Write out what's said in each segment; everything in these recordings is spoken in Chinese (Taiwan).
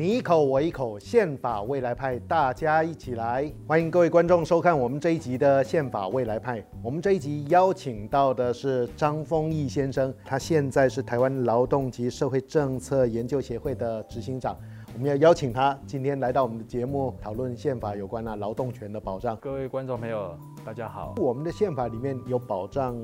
你一口我一口，憲法未來派，大家一起來！歡迎各位觀眾收看我們這一集的憲法未來派。我們這一集邀請到的是張烽益先生，他現在是台灣勞動及社會政策研究協會的執行長。我們要邀請他今天來到我們的節目，討論憲法有關啊勞動權的保障。各位觀眾朋友，大家好，我們的憲法裡面有保障。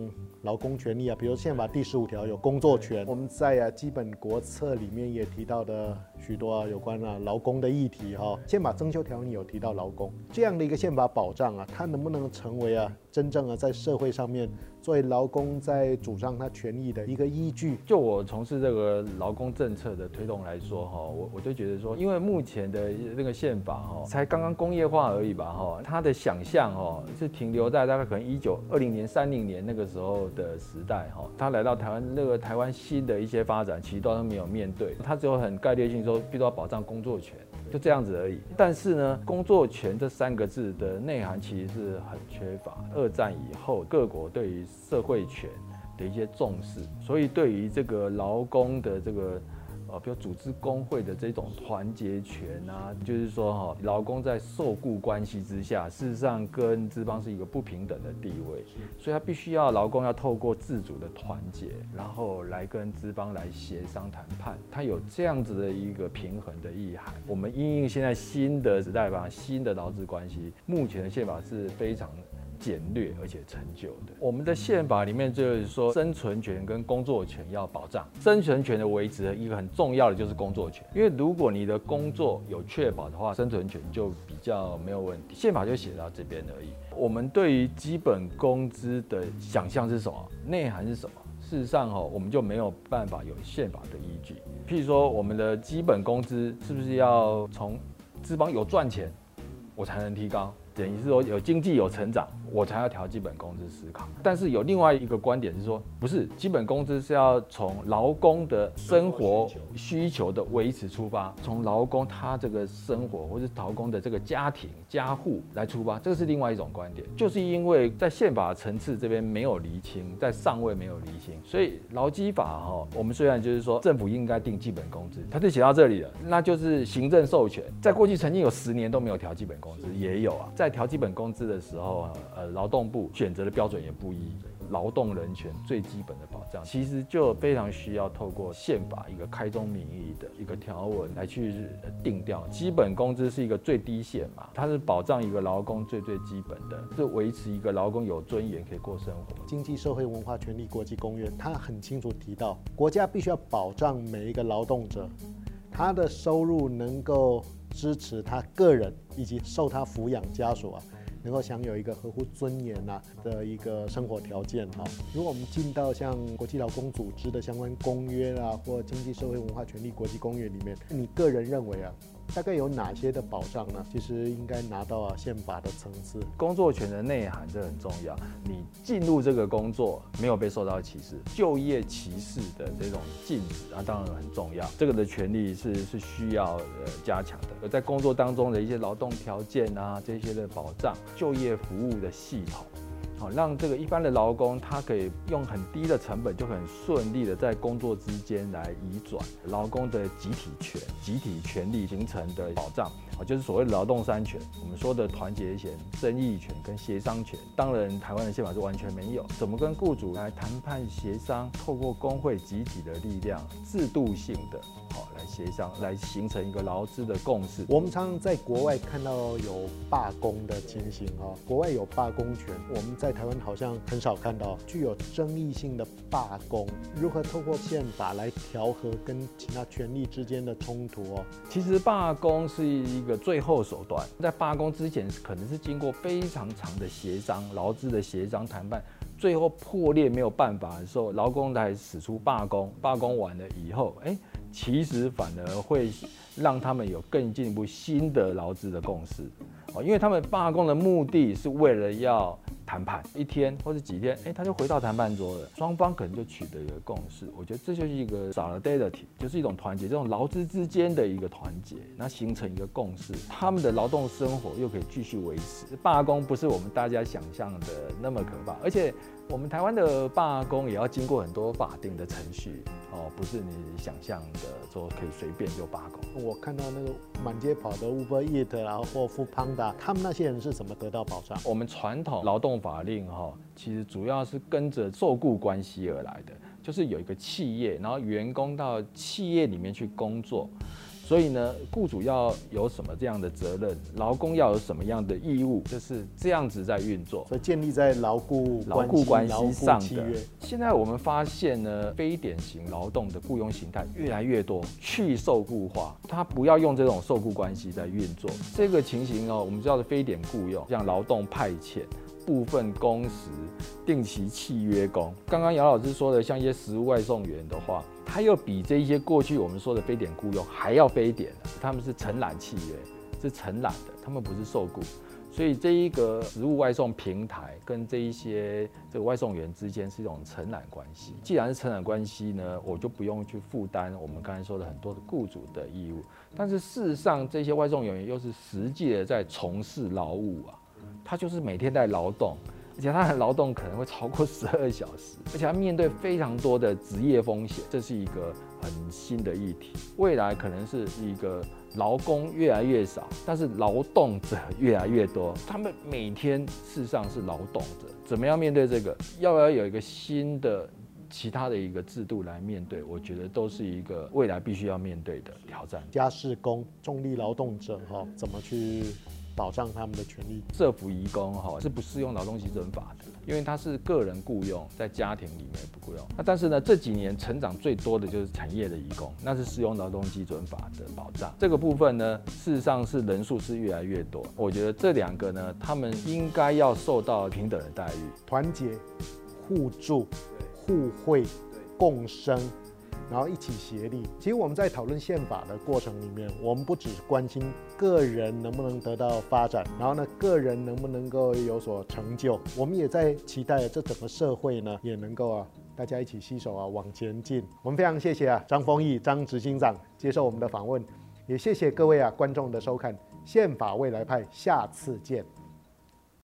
勞工權利啊，比如憲法第十五條有工作權，我們在啊基本國策裡面也提到的許多啊有關啊勞工的議題哈、哦。憲法增修條例有提到勞工這樣的一個憲法保障啊，它能不能成為啊真正啊在社會上面？作為勞工在主張他權益的一個依據，就我從事這個勞工政策的推動來說，哈，我我就覺得說，因為目前的那個憲法，哈，才剛剛工業化而已吧，哈，他的想象，哈，是停留在大概可能一九二零年、三零年那個時候的時代，哈，他來到台灣，那個台灣新的一些發展，其實都還沒有面對，他只有很概略性說，必須要保障工作權。就這樣子而已，但是呢，工作權這三個字的內涵其實是很缺乏的。二戰以後，各國對於社會權的一些重視，所以對於這個勞工的這個。哦，比如組織工會的這種團結權啊，就是說哈，勞工在受僱關係之下，事實上跟資方是一個不平等的地位，所以他必須要勞工要透過自主的團結，然後來跟資方來協商談判，他有這樣子的一個平衡的意涵。我們因應現在新的時代吧，新的勞資關係，目前的憲法是非常。簡略而且陳舊的。我們的憲法裡面就是說，生存權跟工作權要保障。生存權的維持一個很重要的就是工作權，因為如果你的工作有確保的話，生存權就比較沒有問題。憲法就寫到這邊而已。我們對於基本工資的想象是什麼？內涵是什麼？事實上哦，我們就沒有辦法有憲法的依據。譬如說，我們的基本工資是不是要從資方有賺錢，我才能提高？等於是說有經濟有成長，我才要調基本工資思考。但是有另外一個觀點是說，不是，基本工資是要從勞工的生活需求的維持出發，從勞工他這個生活或是勞工的這個家庭家戶來出發，這個是另外一種觀點。就是因為在憲法層次這邊沒有釐清，在上位沒有釐清，所以勞基法哈，我們雖然就是說政府應該定基本工資，它就寫到這裡了，那就是行政授權。在過去曾經有十年都沒有調基本工資，也有啊，在。在調基本工資的時候啊，呃，勞動部選擇的標準也不一，勞動人權最基本的保障，其實就非常需要透過憲法一個開宗明義的一個條文來去定調。基本工資是一個最低線嘛，它是保障一個勞工最最基本的，是維持一個勞工有尊嚴可以過生活。經濟社會文化權利國際公約，它很清楚提到，國家必須要保障每一個勞動者，他的收入能夠。支持他個人以及受他撫養家屬啊，能夠享有一個合乎尊嚴啊的一個生活條件哈、啊。如果我們進到像國際勞工組織的相關公約啊，或經濟社會文化權利國際公約裡面，你個人認為啊？大概有哪些的保障呢？其實應該拿到憲法的層次。工作權的內涵，這很重要。你進入這個工作沒有被受到歧視，就業歧視的這種禁止啊，當然很重要。這個的權利是是需要呃加強的。在工作當中的一些勞動條件啊，這些的保障，就業服務的系統。讓這個一般的勞工，他可以用很低的成本，就很順利的在工作之間來移轉。勞工的集體權、集體權利形成的保障，啊，就是所謂勞動三權，我們說的團結權、爭議權跟協商權。當然，台灣的憲法是完全沒有，怎麼跟雇主來談判協商，透過工會集體的力量，制度性的，好。協商來形成一個勞資的共識。我們常常在國外看到有罷工的情形哦、喔，國外有罷工權，我們在台灣好像很少看到具有爭議性的罷工。如何透過憲法來調和跟其他權利之間的衝突？哦，其實罷工是一個最後手段，在罷工之前可能是經過非常長的協商、勞資的協商談判，最後破裂沒有辦法的時候，勞工才使出罷工。罷工完了以後，哎。其實反而會讓他們有更進一步新的勞資的共識，哦，因為他們罷工的目的是為了要談判一天或者幾天，誒，他就回到談判桌了，雙方可能就取得一個共識。我覺得這就是一個 solidarity，就是一種團結，這種勞資之間的一個團結，那形成一個共識，他們的勞動生活又可以繼續維持。罷工不是我們大家想象的那麼可怕，而且我們台灣的罷工也要經過很多法定的程序。哦，不是你想象的說可以隨便就罷工。我看到那個滿街跑的 Uber Eats、然後 Foodpanda，他們那些人是怎麼得到保障？我們傳統勞動法令哈，其實主要是跟着受僱關係而來的，就是有一個企業，然後員工到企業裡面去工作。所以呢，雇主要有什麼這樣的責任？勞工要有什麼樣的義務？就是這樣子在運作，所以建立在勞雇勞雇關係上的。現在我們發現呢，非典型勞動的雇傭形態越來越多，去受雇化，他不要用這種受雇關係在運作。這個情形哦，我們知道非典雇傭，像勞動派遣。部分工時、定期契約工，剛剛姚老師說的，像一些食物外送員的話，他又比這一些過去我們說的非典雇傭還要非典了。他們是承攬契約，是承攬的，他們不是受雇。所以這一個食物外送平台跟這一些這個外送員之間是一種承攬關係。既然是承攬關係呢，我就不用去負擔我們剛才說的很多的雇主的義務。但是事實上，這些外送員又是實際的在從事勞務啊。他就是每天在勞動，而且他的勞動可能會超過十二小時，而且他面對非常多的職業風險，這是一個很新的議題。未來可能是一個勞工越來越少，但是勞動者越來越多，他們每天事實上是勞動者，怎麼樣面對這個？要不要有一個新的其他的一個制度來面對？我覺得都是一個未來必須要面對的挑戰。家事工、重力勞動者，哈，怎麼去？保障他們的權利，社福移工哈、哦、是不適用勞動基準法的，因為他是個人僱傭，在家庭裡面不僱傭。那但是呢，這幾年成長最多的就是產業的移工，那是適用勞動基準法的保障。這個部分呢，事實上是人數是越來越多。我覺得這兩個呢，他們應該要受到平等的待遇，團結、互助、對互惠、共生。然後一起協力。其實我們在討論憲法的過程裡面，我們不只是關心個人能不能得到發展，然後呢，個人能不能夠有所成就，我們也在期待這整個社會呢，也能夠啊，大家一起攜手啊，往前進。我們非常謝謝啊，張烽益張執行長接受我們的訪問，也謝謝各位啊，觀眾的收看。憲法未來派，下次見。